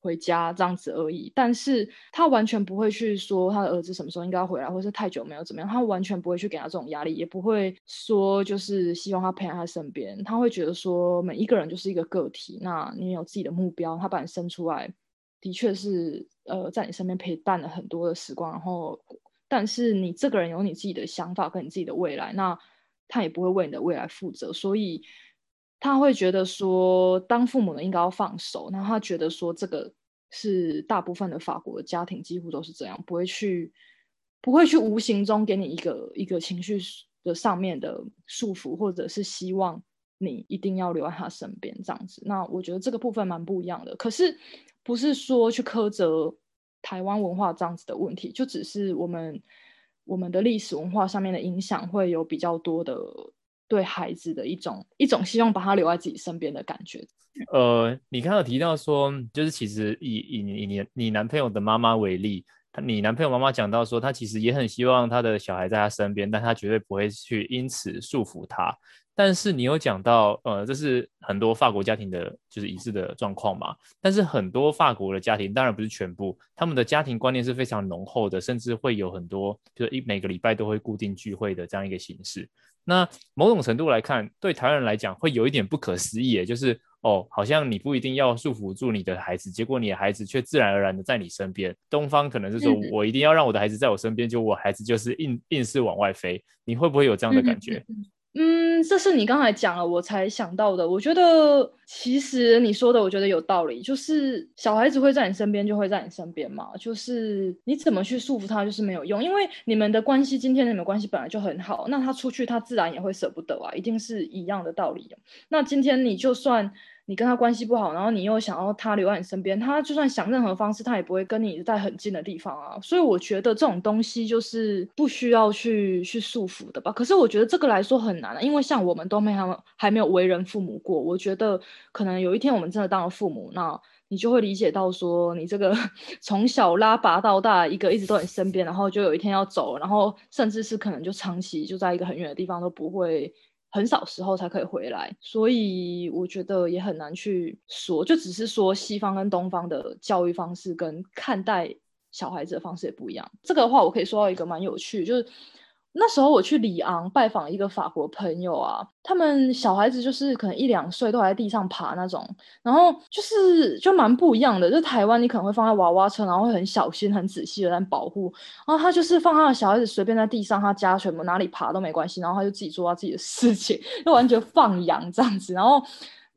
回家這樣子而已。但是他完全不會去說他的兒子什麼時候應該回來，或是太久沒有怎麼樣，他完全不會去給他這種壓力，也不會說就是希望他陪在他身邊。他會覺得說每一個人就是一個個體，那你有自己的目標。他把你生出來，的確是呃在你身邊陪伴了很多的時光，然後。但是你這個人有你自己的想法跟你自己的未來，那他也不會為你的未來負責，所以他會覺得說，當父母的應該要放手。那他覺得說，這個是大部分的法國的家庭幾乎都是這樣，不會去，不會去無形中給你一個一個情緒的上面的束縛，或者是希望你一定要留在他身邊這樣子。那我覺得這個部分蠻不一樣的。可是不是說去苛責。台灣文化這樣子的問題，就只是我們我們的歷史文化上面的影響，會有比較多的對孩子的一種一種希望把他留在自己身邊的感覺。呃，你剛剛提到說，就是其實以以你你男朋友的媽媽為例，你男朋友媽媽講到說，他其實也很希望他的小孩在他身邊，但他絕對不會去因此束縛他。但是你有講到，呃，這是很多法國家庭的，就是一致的狀況嘛。但是很多法國的家庭，當然不是全部，他們的家庭觀念是非常濃厚的，甚至會有很多，就是每個禮拜都會固定聚會的這樣一個形式。那某種程度來看，對台灣人來講，會有一點不可思議誒，就是哦，好像你不一定要束縛住你的孩子，結果你的孩子卻自然而然的在你身邊。東方可能是說，我一定要讓我的孩子在我身邊，就我孩子就是硬，硬是往外飛。你會不會有這樣的感覺？嗯，這是你剛才講了，我才想到的。我覺得其實你說的，我覺得有道理。就是小孩子會在你身邊，就會在你身邊嘛。就是你怎麼去束縛他，就是沒有用。因為你們的關係，今天的你們關係本來就很好，那他出去，他自然也會捨不得啊，一定是一樣的道理啊。那今天你就算。你跟他關係不好，然後你又想要他留在你身邊，他就算想任何方式，他也不會跟你在很近的地方啊。所以我覺得這種東西就是不需要去去束縛的吧。可是我覺得這個來說很難，因為像我們都沒有還沒有為人父母過，我覺得可能有一天我們真的當了父母，那你就會理解到說，你這個從小拉拔到大一個一直都在你身邊，然後就有一天要走，然後甚至是可能就長期就在一個很遠的地方都不會。很少時候才可以回來，所以我覺得也很難去說，就只是說西方跟東方的教育方式跟看待小孩子的方式也不一樣。這個的話我可以說到一個蠻有趣，就是。那時候我去里昂拜訪一個法國朋友啊，他們小孩子就是可能一兩歲都還在地上爬那種，然後就是就蠻不一樣的。就台灣你可能會放在娃娃車，然後會很小心、很仔細的在保護，然後他就是放他的小孩子隨便在地上他家全部哪裡爬都沒關係，然後他就自己做他自己的事情，就完全放羊這樣子，然後。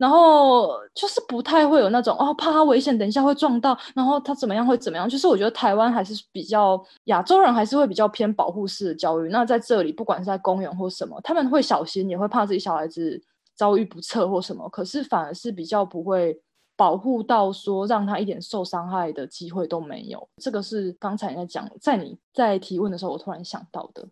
然後就是不太會有那種哦，怕他危險，等一下會撞到，然後他怎麼樣會怎麼樣？就是我覺得台灣還是比較亞洲人，還是會比較偏保護式的教育。那在這裡，不管是在公園或什麼，他們會小心，也會怕自己小孩子遭遇不測或什麼。可是反而是比較不會保護到，說讓他一點受傷害的機會都沒有。這個是剛才在講，在你在提問的時候，我突然想到的。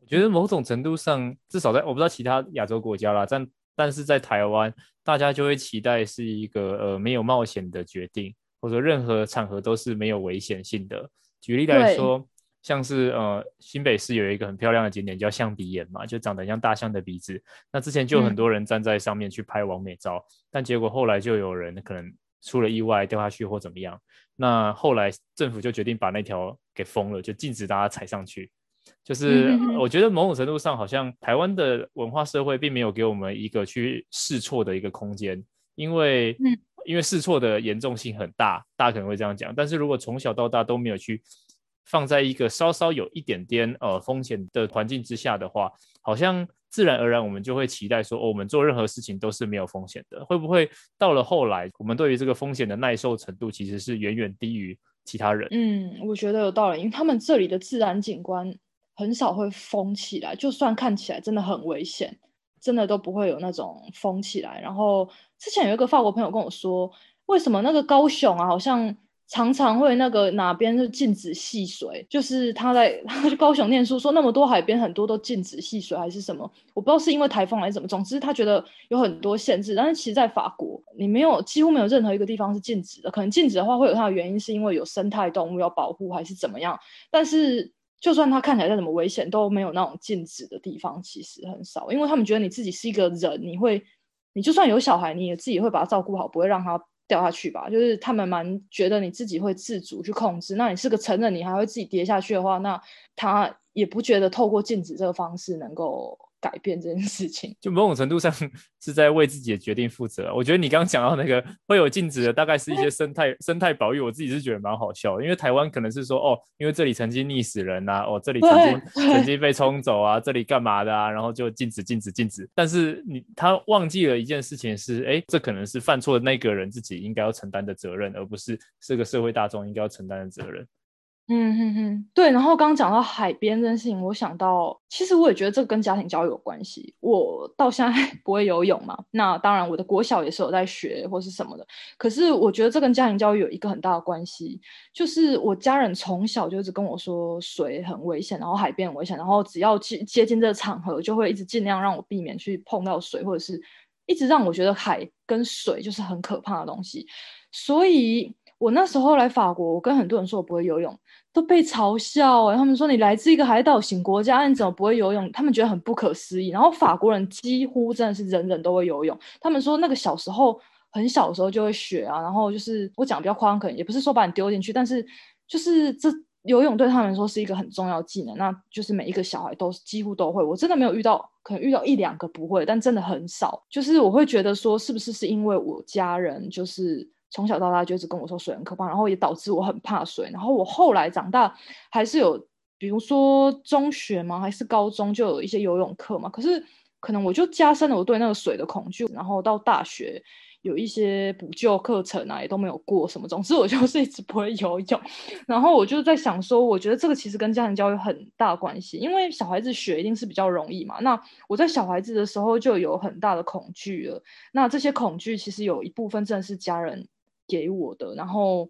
我覺得某種程度上，至少在我不知道其他亞洲國家啦，在但是在台灣，大家就會期待是一個呃沒有冒險的決定，或者任何場合都是沒有危險性的。舉例來說，像是呃新北市有一個很漂亮的景點叫象鼻岩嘛，就長得像大象的鼻子。那之前就有很多人站在上面去拍網美照，嗯，但結果後來就有人可能出了意外掉下去或怎麼樣。那後來政府就決定把那條給封了，就禁止大家踩上去。就是我覺得某種程度上，好像台灣的文化社會並沒有給我們一個去試錯的一個空間，因為因為試錯的嚴重性很大，大家可能會這樣講。但是如果從小到大都沒有去放在一個稍稍有一點點呃風險的環境之下的話，好像自然而然我們就會期待說，哦，我們做任何事情都是沒有風險的。會不會到了後來，我們對於這個風險的耐受程度其實是遠遠低於其他人？嗯，我覺得有道理，因為他們這裡的自然景觀，很少會封起來，就算看起來真的很危險，真的都不會有那種封起來。然後之前有一個法國朋友跟我說，為什麼那個高雄啊，好像常常會那個哪邊是禁止戲水，就是他在去高雄念書說，說那麼多海邊很多都禁止戲水還是什麼，我不知道是因為颱風還是怎麼。總之他覺得有很多限制，但是其實在法國，你沒有幾乎沒有任何一個地方是禁止的。可能禁止的話會有它的原因，是因為有生態動物要保護還是怎麼樣，但是。就算他看起來再怎麼危險，都沒有那種禁止的地方，其實很少，因為他們覺得你自己是一個人，你會，你就算有小孩，你也自己也會把他照顧好，不會讓他掉下去吧？就是他們蠻覺得你自己會自主去控制，那你是個成人，你還會自己跌下去的話，那他也不覺得透過禁止這個方式能夠。改變這件事情，就某種程度上是在為自己的決定負責，啊。我覺得你剛剛講到那個會有禁止的，大概是一些生態 生態保育。我自己是覺得蠻好笑的，因為台灣可能是說哦，因為這裡曾經溺死人吶，啊，哦，這裡曾經 曾經被沖走啊，這裡幹嘛的啊，然後就禁止禁止禁止。但是你他忘記了一件事情是，哎、欸，這可能是犯錯的那個人自己應該要承擔的責任，而不是這個社會大眾應該要承擔的責任。嗯哼哼，對。然後剛講到海邊這件事情，我想到，其實我也覺得這個跟家庭教育有關係。我到現在不會游泳嘛？那當然，我的國小也是有在學或是什麼的。可是我覺得這跟家庭教育有一個很大的關係，就是我家人從小就一直跟我說水很危險，然後海邊很危險，然後只要接接近這個場合，就會一直儘量讓我避免去碰到水，或者是一直讓我覺得海跟水就是很可怕的東西。所以。我那時候來法國，我跟很多人說我不會游泳，都被嘲笑哎、欸。他們說，你來自一個海島型國家，你怎麼不會游泳？他們覺得很不可思議。然後法國人幾乎真的是人人都會游泳。他們說那個小時候很小的時候就會學啊。然後就是我講比較誇張，可能也不是說把你丟進去，但是就是這游泳對他們來說是一個很重要技能，那就是每一個小孩都幾乎都會。我真的沒有遇到，可能遇到一兩個不會，但真的很少。就是我會覺得說，是不是是因為我家人就是。從小到大就一直跟我說水很可怕，然後也導致我很怕水。然後我後來長大還是有，比如說中學嘛，還是高中就有一些游泳課嘛。可是可能我就加深了我對那個水的恐懼。然後到大學有一些補救課程啊，也都沒有過什麼，總之我就是一直不會游泳。然後我就在想說，我覺得這個其實跟家庭教育很大關係，因為小孩子學一定是比較容易嘛。那我在小孩子的時候就有很大的恐懼了。那這些恐懼其實有一部分正是家人。給我的，然後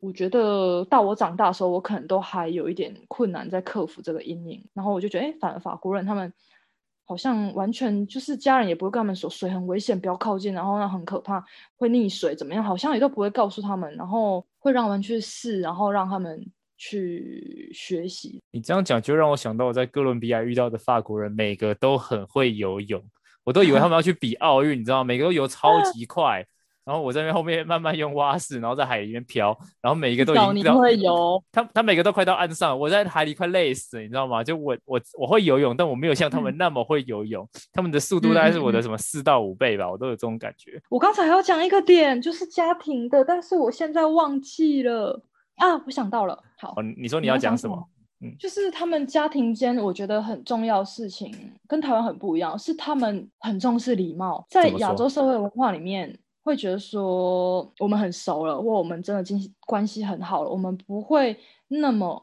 我覺得到我長大的時候，我可能都還有一點困難在克服這個陰影。然後我就覺得，哎，反而法國人他們好像完全就是家人也不會跟他們說水很危險，不要靠近，然後那很可怕，會溺水怎麼樣？好像也都不會告訴他們，然後會讓他們去試，然後讓他們去學習。你這樣講就讓我想到我在哥倫比亞遇到的法國人，每個都很會游泳，我都以為他們要去比奧運，嗯、你知道，每個都游超級快。嗯然後我在那後面慢慢用蛙式，然後在海裡面漂，然後每一個都已經知道，你會游他，他每個都快到岸上，我在海裡快累死，你知道嗎？就我我我會游泳，但我沒有像他們那麼會游泳，嗯、他們的速度大概是我的什麼四到五倍吧。嗯嗯，我都有這種感覺。我剛才還要講一個點，就是家庭的，但是我現在忘記了啊！我想到了，好，好，你說你要講什麼，你要什麼？嗯，就是他們家庭間我覺得很重要事情，跟台灣很不一樣，是他們很重視禮貌，在亞洲社會文化裡面。會覺得說我們很熟了，或我們真的關係很好了，我們不會那麼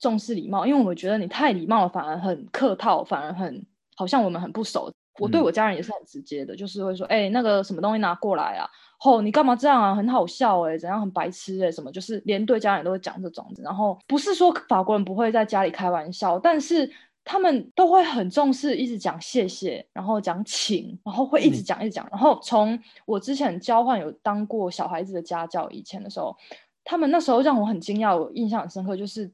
重視禮貌，因為我覺得你太禮貌了，反而很客套，反而很，好像我們很不熟。我對我家人也是很直接的，就是會說，哎、嗯欸，那個什麼東西拿過來啊？哦，你幹嘛這樣啊？很好笑哎、欸，怎樣很白痴哎、欸，什麼就是連對家人都會講這種子。然後不是說法國人不會在家裡開玩笑，但是。他們都會很重視，一直講謝謝，然後講請，然後會一直講，一直講、嗯。然後從我之前交換有當過小孩子的家教，以前的時候，他們那時候讓我很驚訝，我印象很深刻，就是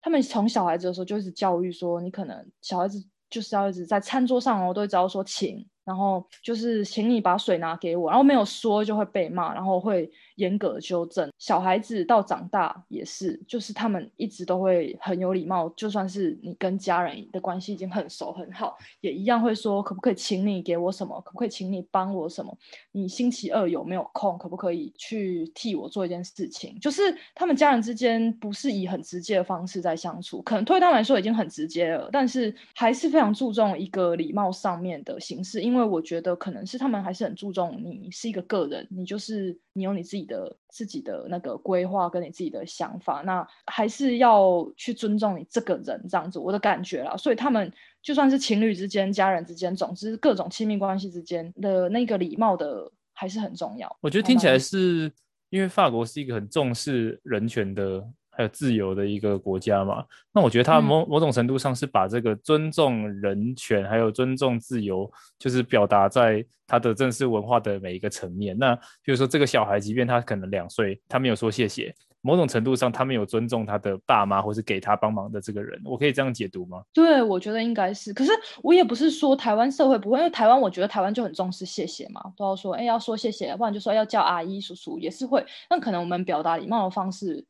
他們從小孩子的時候就一直教育說，你可能小孩子就是要一直在餐桌上哦，然後都會只要說請，然後就是請你把水拿給我，然後沒有說就會被罵，然後會。嚴格的糾正，小孩子到長大也是，就是他們一直都會很有禮貌，就算是你跟家人的關係已經很熟很好，也一樣會說可不可以請你給我什麼，可不可以請你幫我什麼？你星期二有沒有空？可不可以去替我做一件事情？就是他們家人之間不是以很直接的方式在相處，可能對他們來說已經很直接了，但是還是非常注重一個禮貌上面的形式，因為我覺得可能是他們還是很注重你是一個個人，你就是。你有你自己的自己的那個規劃跟你自己的想法，那還是要去尊重你這個人這樣子，我的感覺啦。所以他們就算是情侶之間、家人之間，總之各種親密關係之間的那個禮貌的還是很重要。我覺得聽起來是因為法國是一個很重視人權的。還有自由的一個國家嘛，那我覺得他某某種程度上是把這個尊重人權，還有尊重自由，就是表達在他的正式文化的每一個層面。那比如說這個小孩，即便他可能兩歲，他沒有說謝謝，某種程度上他沒有尊重他的爸媽，或是給他幫忙的這個人，我可以這樣解讀嗎？對，我覺得應該是。可是我也不是說台灣社會不會，因為台灣我覺得台灣就很重視謝謝嘛，都要說哎、欸、要說謝謝，不然就說要叫阿姨叔叔也是會。那可能我們表達禮貌的方式。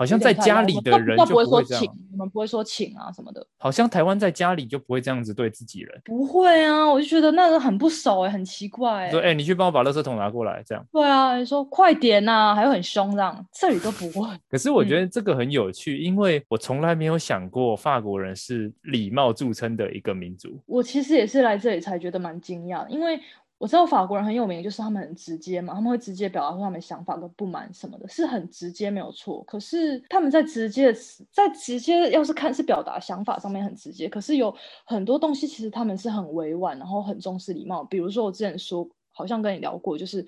好像在家裡的人就不會說請，你們不會說請啊什麼的。好像台灣在家裡就不會這樣子對自己人。不會啊，我就覺得那個很不熟、欸、很奇怪、欸。你說、欸、你去幫我把垃圾桶拿過來這樣。對啊，你說快點吶、啊，還有很凶這樣，這裡都不會 可是我覺得這個很有趣，因為我從來沒有想過法國人是禮貌著稱的一個民族。我其實也是來這裡才覺得蠻驚訝，因為。我知道法國人很有名，就是他們很直接嘛，他們會直接表達出他們想法跟不滿什麼的，是很直接，沒有錯。可是他們在直接，在直接，要是看是表達想法上面很直接，可是有很多東西其實他們是很委婉，然後很重視禮貌。比如說我之前說，好像跟你聊過，就是。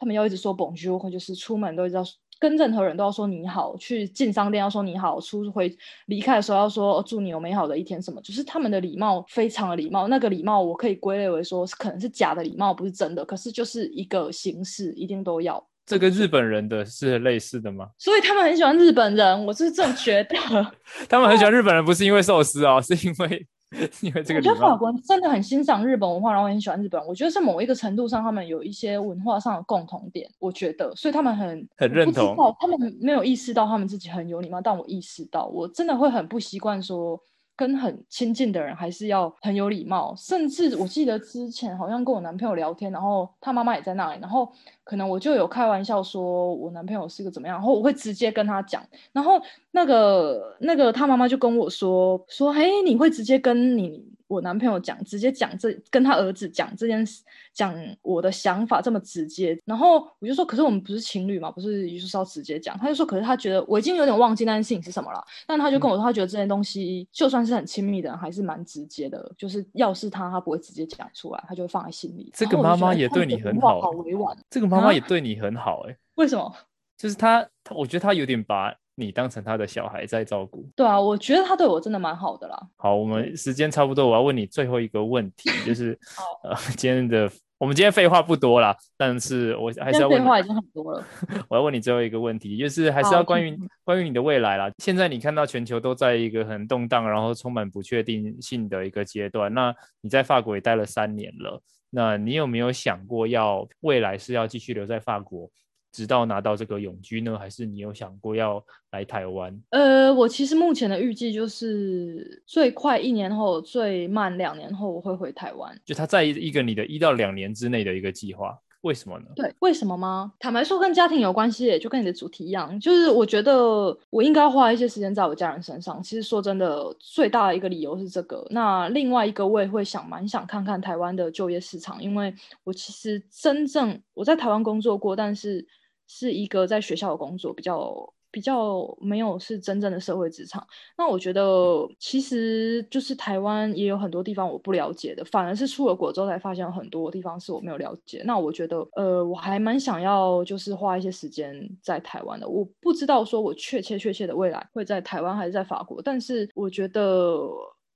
他們要一直說 Bonjour，或者是出門都一直要說，跟任何人都要說你好，去進商店要說你好，出回離開的時候要說、哦、祝你有美好的一天，什麼，就是他們的禮貌，非常的禮貌，那個禮貌我可以歸類為說是可能是假的禮貌，不是真的，可是就是一個形式，一定都要。這個日本人的是類似的嗎？所以他們很喜歡日本人，我是這麼覺得。 他們很喜歡日本人，不是因為壽司啊、哦，是因為。 因為這個，我覺得法國人真的很欣賞日本文化，然後很喜歡日本。我覺得是某一個程度上，他們有一些文化上的共同點。我覺得，所以他們很很認同。不知道他們沒有意識到他們自己很有禮貌，但我意識到，我真的會很不習慣說。跟很親近的人還是要很有禮貌，甚至我記得之前好像跟我男朋友聊天，然後他媽媽也在那裡，然後可能我就有開玩笑說我男朋友是個怎麼樣，然後我會直接跟他講，然後那個那個他媽媽就跟我說說，嘿、欸，你會直接跟你。我男朋友講，直接講這跟他兒子講這件事，講我的想法這麼直接，然後我就說，可是我們不是情侶嘛，不是就是要直接講。他就說，可是他覺得我已經有點忘記那件事情是什麼了，但他就跟我說，他覺得這件東西就算是很親密的，還是蠻直接的，就是要是他，他不會直接講出來，他就會放在心裡。這個媽媽也對你很好，好委婉。這個媽媽也對你很好，誒、哎這個，為什麼？就是他，他我覺得他有點白。你當成他的小孩在照顧。對啊，我覺得他對我真的蠻好的啦。好，我們時間差不多，我要問你最後一個問題，就是， 好呃，今天的我們今天廢話不多啦，但是我還是要問，廢話已經很多了。 我要問你最後一個問題，就是還是要關於關於你的未來啦。嗯。現在你看到全球都在一個很動盪，然後充滿不確定性的一個階段。那你在法國也待了三年了，那你有沒有想過要未來是要繼續留在法國？直到拿到這個永居呢，還是你有想過要來台灣？呃，我其實目前的預計就是最快一年後，最慢兩年後我會回台灣。就他在意一個你的一到兩年之內的一個計劃，為什麼呢？對，為什麼嗎？坦白說，跟家庭有關係，就跟你的主題一樣，就是我覺得我應該花一些時間在我家人身上。其實說真的，最大的一個理由是這個。那另外一個，我也會想蠻想看看台灣的就業市場，因為我其實真正我在台灣工作過，但是。是一個在學校的工作，比較比較沒有是真正的社會職場。那我覺得，其實就是台灣也有很多地方我不了解的，反而是出了國之後才發現有很多地方是我沒有了解。那我覺得，呃，我還蠻想要就是花一些時間在台灣的。我不知道說我確切確切的未來會在台灣還是在法國，但是我覺得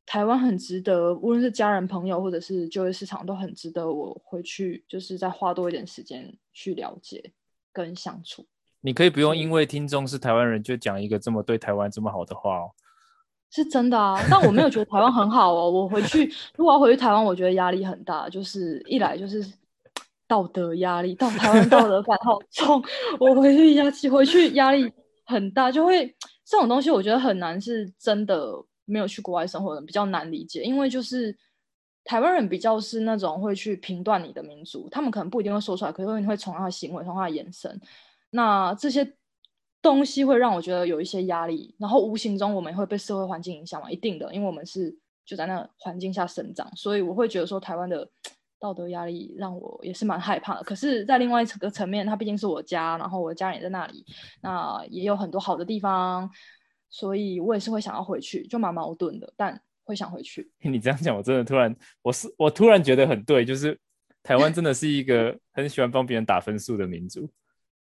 台灣很值得，無論是家人、朋友，或者是就業市場，都很值得我回去，就是再花多一點時間去了解。跟人相處，你可以不用因為聽眾是台灣人就講一個這麼對台灣這麼好的話哦。是真的啊，但我沒有覺得台灣很好哦。 我回去，如果要回去台灣，我覺得壓力很大，就是一來就是道德壓力，到台灣道德感好重， 我回去一下回去壓力很大，就會這種東西，我覺得很難，是真的沒有去國外生活的人比較難理解，因為就是。台灣人比較是那種會去評斷你的民族，他們可能不一定會說出來，可是會會從他的行為、從他的眼神，那這些東西會讓我覺得有一些壓力。然後無形中我們也會被社會環境影響嘛，一定的，因為我們是就在那環境下生長，所以我會覺得說台灣的道德壓力讓我也是蠻害怕的。可是，在另外一個層面，它畢竟是我家，然後我的家人也在那裡，那也有很多好的地方，所以我也是會想要回去，就蠻矛盾的。但會想回去。你這樣講，我真的突然，我是我突然覺得很對，就是台灣真的是一個很喜歡幫別人打分數的民族。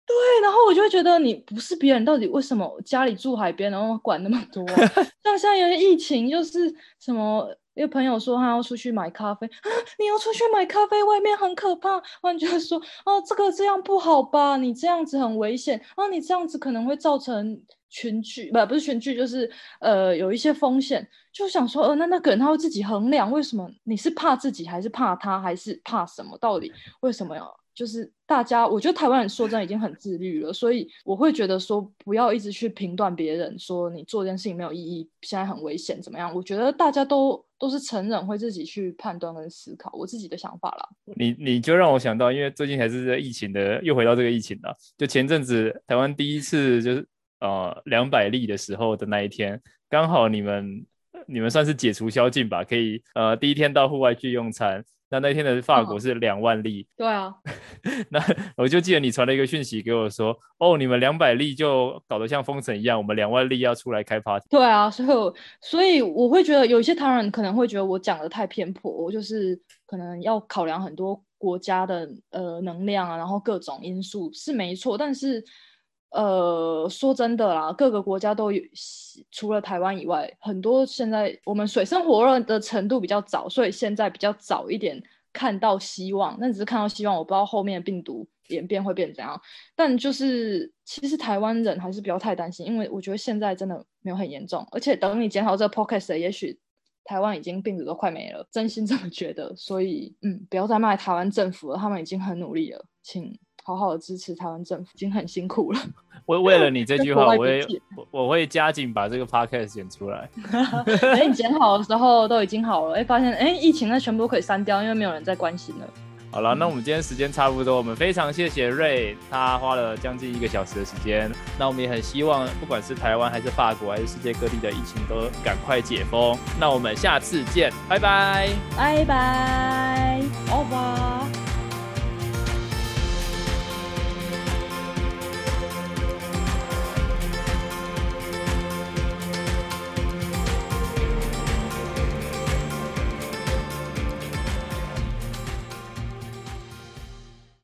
對，然後我就會覺得你不是別人，到底為什麼家裡住海邊，然後管那麼多，啊。 像像有些疫情，就是什麼，一個朋友說他要出去買咖啡，啊，你要出去買咖啡，外面很可怕。我就會說，哦，啊，這個這樣不好吧？你這樣子很危險啊！你這樣子可能會造成。群聚不不是群聚，就是呃有一些風險，就想說，呃那那個人他會自己衡量，為什麼你是怕自己，還是怕他，還是怕什麼？到底為什麼呀？就是大家，我覺得台灣人說真的已經很自律了，所以我會覺得說，不要一直去評斷別人，說你做一件事情沒有意義，現在很危險，怎麼樣？我覺得大家都都是成人，會自己去判斷跟思考。我自己的想法啦。你你就讓我想到，因為最近還是在疫情的，又回到這個疫情了。就前陣子台灣第一次就是。呃，兩百例的時候的那一天，剛好你們你們算是解除宵禁吧，可以呃第一天到戶外去用餐。那那天的法國是兩萬例、嗯哦。對啊。 那我就記得你傳了一個訊息給我說，哦，你們兩百例就搞得像封城一樣，我們兩萬例要出來開 party。對啊，所以所以我會覺得有一些台灣人可能會覺得我講得太偏頗，就是可能要考量很多國家的呃能量啊，然後各種因素是沒錯，但是。呃，說真的啦，各個國家都有，除了台灣以外，很多現在我們水深火熱的程度比較早，所以現在比較早一點看到希望，那只是看到希望，我不知道後面病毒演變會變怎樣。但就是，其實台灣人還是不要太擔心，因為我覺得現在真的沒有很嚴重，而且等你剪好這 podcast，也許台灣已經病毒都快沒了，真心這麼覺得。所以，嗯，不要再罵台灣政府了，他們已經很努力了，請。好好的支持台灣政府已經很辛苦了。為 為了你這句話，會我也我會加緊把這個 podcast 剪出來。等 你剪好的時候，都已經好了。哎、 欸，發現哎、欸，疫情那全部都可以刪掉，因為沒有人在關心了。好了，那我們今天時間差不多，我們非常謝謝 Rui，他花了將近一個小時的時間。那我們也很希望，不管是台灣還是法國還是世界各地的疫情，都趕快解封。那我們下次見，拜拜，拜拜，拜拜。